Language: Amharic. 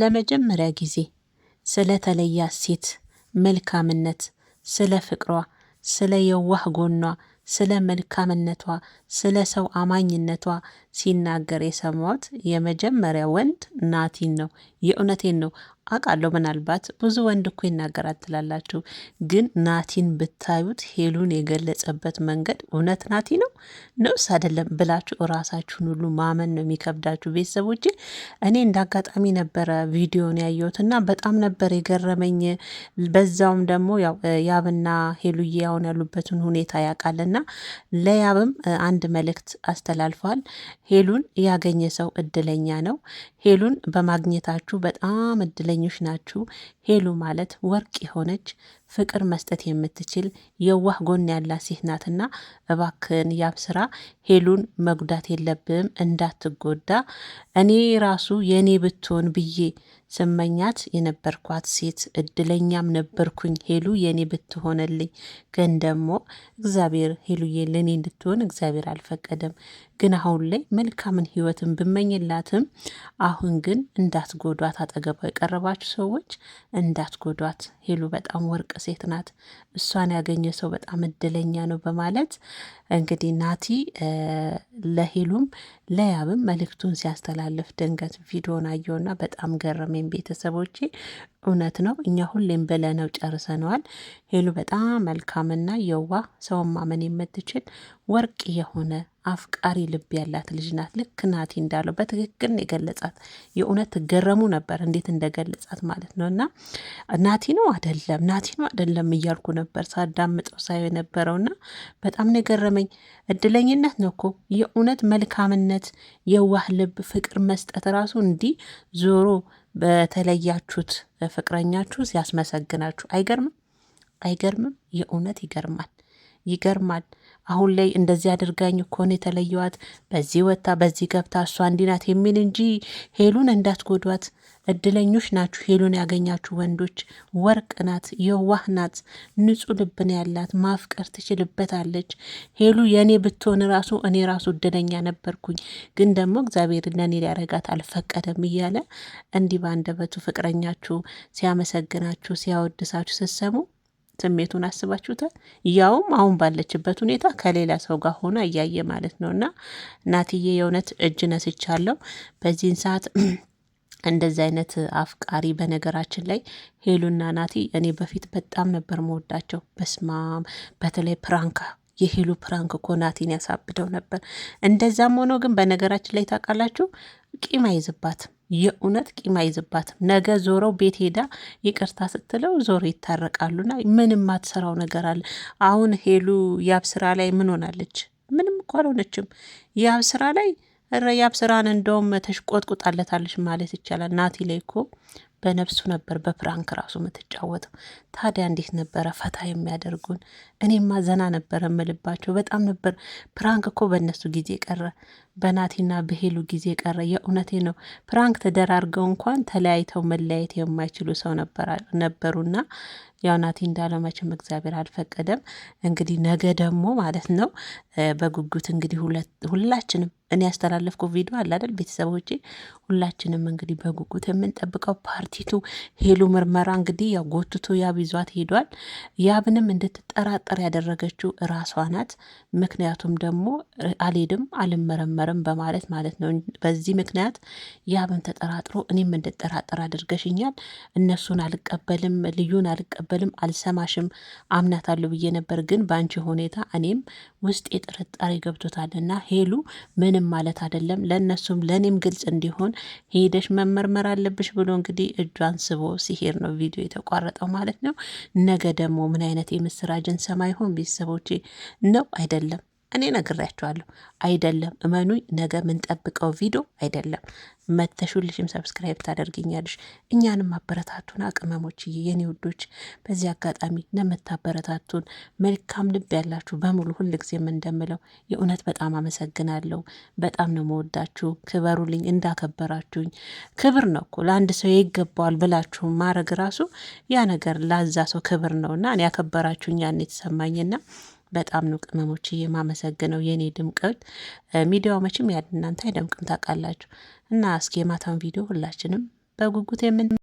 ለመጀመሪያ ጊዜ ስለ ተለያት ሴት መልካምነት፣ ስለ ፍቅሯ፣ ስለ የዋህ ጎኗ፣ ስለ መልካምነቷ፣ ስለ ሰው አማኝነቷ ሲናገር የሰማሁት የመጀመሪያ ወንድ ናቲን ነው። የእውነቴን ነው አውቃለሁ። ምናልባት ብዙ ወንድ እኮ ይናገራል ትላላችሁ፣ ግን ናቲን ብታዩት ሄሉን የገለጸበት መንገድ እውነት ናቲ ነው ነውስ አይደለም ብላችሁ እራሳችሁን ሁሉ ማመን ነው የሚከብዳችሁ። ቤተሰቦች እኔ እንደ አጋጣሚ ነበረ ቪዲዮን ያየሁት እና በጣም ነበር የገረመኝ። በዛውም ደግሞ ያብና ሄሉዬ አሁን ያሉበትን ሁኔታ ያውቃልና ለያብም አንድ መልእክት አስተላልፈዋል። ሄሉን ያገኘ ሰው እድለኛ ነው። ሄሉን በማግኘታችሁ በጣም እድለኞች ናችሁ። ሄሉ ማለት ወርቅ የሆነች ፍቅር መስጠት የምትችል የዋህ ጎን ያላት ሴት ናትና እባክን ያብስራ ሄሉን መጉዳት የለብም እንዳትጎዳ። እኔ ራሱ የእኔ ብትሆን ብዬ ስመኛት የነበርኳት ሴት እድለኛም ነበርኩኝ። ሄሉ የእኔ ብትሆነልኝ ግን ደግሞ እግዚአብሔር ሄሉዬ ለእኔ እንድትሆን እግዚአብሔር አልፈቀደም። ግን አሁን ላይ መልካምን ህይወትን ብመኝላትም አሁን ግን እንዳትጎዷት፣ አጠገቧ የቀረባችሁ ሰዎች እንዳትጎዷት። ሄሉ በጣም ወርቅ ሴት ናት፣ እሷን ያገኘ ሰው በጣም እድለኛ ነው በማለት እንግዲህ ናቲ ለሄሉም ለያብም መልእክቱን ሲያስተላልፍ ድንገት ቪዲዮን አየውና በጣም ገረመኝ ቤተሰቦቼ። እውነት ነው። እኛ ሁሌም ብለነው ጨርሰነዋል። ሄሉ በጣም መልካምና የዋ ሰውን ማመን የምትችል ወርቅ የሆነ አፍቃሪ ልብ ያላት ልጅ ናት። ልክ ናቲ እንዳለው በትክክል የገለጻት። የእውነት ትገረሙ ነበር እንዴት እንደገለጻት ማለት ነው። እና ናቲ ነው አደለም፣ ናቲ ነው አደለም እያልኩ ነበር ሳዳምጠው ሳየው የነበረውና በጣም ነው የገረመኝ። እድለኝነት ነው እኮ የእውነት መልካምነት፣ የዋህ ልብ፣ ፍቅር መስጠት ራሱ እንዲህ ዞሮ በተለያችሁት ፍቅረኛችሁ ሲያስመሰግናችሁ አይገርምም? አይገርምም? የእውነት ይገርማል። ይገርማል። አሁን ላይ እንደዚህ አድርጋኝ እኮን የተለየዋት በዚህ ወታ በዚህ ገብታ እሷ እንዲናት የሚል እንጂ ሄሉን እንዳትጎዷት። እድለኞች ናችሁ ሄሉን ያገኛችሁ ወንዶች። ወርቅ ናት፣ የዋህ ናት፣ ንጹህ ልብን ያላት ማፍቀር ትችልበታለች። ሄሉ የእኔ ብትሆን ራሱ እኔ ራሱ እድለኛ ነበርኩኝ፣ ግን ደግሞ እግዚአብሔር ለእኔ ሊያረጋት አልፈቀደም እያለ እንዲህ በአንደበቱ ፍቅረኛችሁ ሲያመሰግናችሁ ሲያወድሳችሁ ስትሰሙ ስሜቱን አስባችሁታል? ያውም አሁን ባለችበት ሁኔታ ከሌላ ሰው ጋር ሆና እያየ ማለት ነው። እና እናትዬ የእውነት እጅ ነስቻለሁ በዚህን ሰዓት እንደዚህ አይነት አፍቃሪ በነገራችን ላይ ሄሉና ናቲ እኔ በፊት በጣም ነበር መወዳቸው። በስማም በተለይ ፕራንካ የሄሉ ፕራንክ እኮ ናቲን ያሳብደው ነበር። እንደዛም ሆኖ ግን በነገራችን ላይ ታውቃላችሁ፣ ቂም አይዝባትም። የእውነት ቂም አይዝባትም። ነገ ዞረው ቤት ሄዳ ይቅርታ ስትለው ዞሮ ይታረቃሉና ምንም አትሰራው ነገር አለ። አሁን ሄሉ ያብ ስራ ላይ ምን ሆናለች? ምንም እኮ አልሆነችም። ያብ ስራ ላይ ያብ ስራን እንደውም ተሽቆጥቁጣለታለች ማለት ይቻላል። ናቲ ላይ እኮ በነፍሱ ነበር በፕራንክ ራሱ የምትጫወተው። ታዲያ እንዴት ነበረ ፈታ የሚያደርጉን? እኔማ ዘና ነበረ የምልባቸው በጣም ነበር ፕራንክ እኮ በእነሱ ጊዜ ቀረ። በናቲና በሄሉ ጊዜ ቀረ። የእውነቴ ነው። ፕራንክ ተደራርገው እንኳን ተለያይተው መለያየት የማይችሉ ሰው ነበሩና ያው ናቲ እንዳለማችም እግዚአብሔር አልፈቀደም። እንግዲህ ነገ ደግሞ ማለት ነው በጉጉት እንግዲህ ሁላችንም እኔ ያስተላለፍኩ ቪዲዮ አለ አይደል ቤተሰቦቼ፣ ሁላችንም እንግዲህ በጉጉት የምንጠብቀው ፓርቲቱ ሄሉ ምርመራ እንግዲህ ያው ጎትቶ ያብ ይዟት ሄዷል። ያብንም እንድትጠራጠር ያደረገችው ራሷ ናት። ምክንያቱም ደግሞ አልሄድም አልመረመርም አልጀመረም በማለት ማለት ነው። በዚህ ምክንያት ያብን ተጠራጥሮ እኔም እንድጠራጠር አድርገሽኛል፣ እነሱን አልቀበልም፣ ልዩን አልቀበልም፣ አልሰማሽም፣ አምናታለሁ ብዬ ነበር፣ ግን በአንቺ ሁኔታ እኔም ውስጤ ገብቶታል እና ሄሉ ምንም ማለት አይደለም፣ ለእነሱም ለእኔም ግልጽ እንዲሆን ሄደሽ መመርመር አለብሽ ብሎ እንግዲህ እጇን ስቦ ሲሄድ ነው ቪዲዮ የተቋረጠው ማለት ነው። ነገ ደግሞ ምን አይነት የምስራጅን ሰማ ይሆን ቤተሰቦቼ? ነው አይደለም? እኔ ነግሬያቸዋለሁ። አይደለም እመኑኝ፣ ነገ የምንጠብቀው ቪዲዮ አይደለም። መተሹልሽም ሰብስክራይብ ታደርግኛለሽ። እኛንም አበረታቱን፣ አቅመሞች የኔ ውዶች። በዚህ አጋጣሚ ለምታበረታቱን መልካም ልብ ያላችሁ በሙሉ ሁልጊዜም እንደምለው የእውነት በጣም አመሰግናለሁ። በጣም ነው መወዳችሁ። ክበሩልኝ፣ እንዳከበራችሁኝ። ክብር ነው እኮ ለአንድ ሰው ይገባዋል ብላችሁ ማድረግ ራሱ ያ ነገር ላዛ ሰው ክብር ነው እና ያከበራችሁኝ ያን የተሰማኝና በጣም ነው ቅመሞች የማመሰግነው የእኔ ድምቀት። ሚዲያው መቼም ያለ እናንተ አይደምቅም ታውቃላችሁ። እና እስኪ የማታውን ቪዲዮ ሁላችንም በጉጉት የምን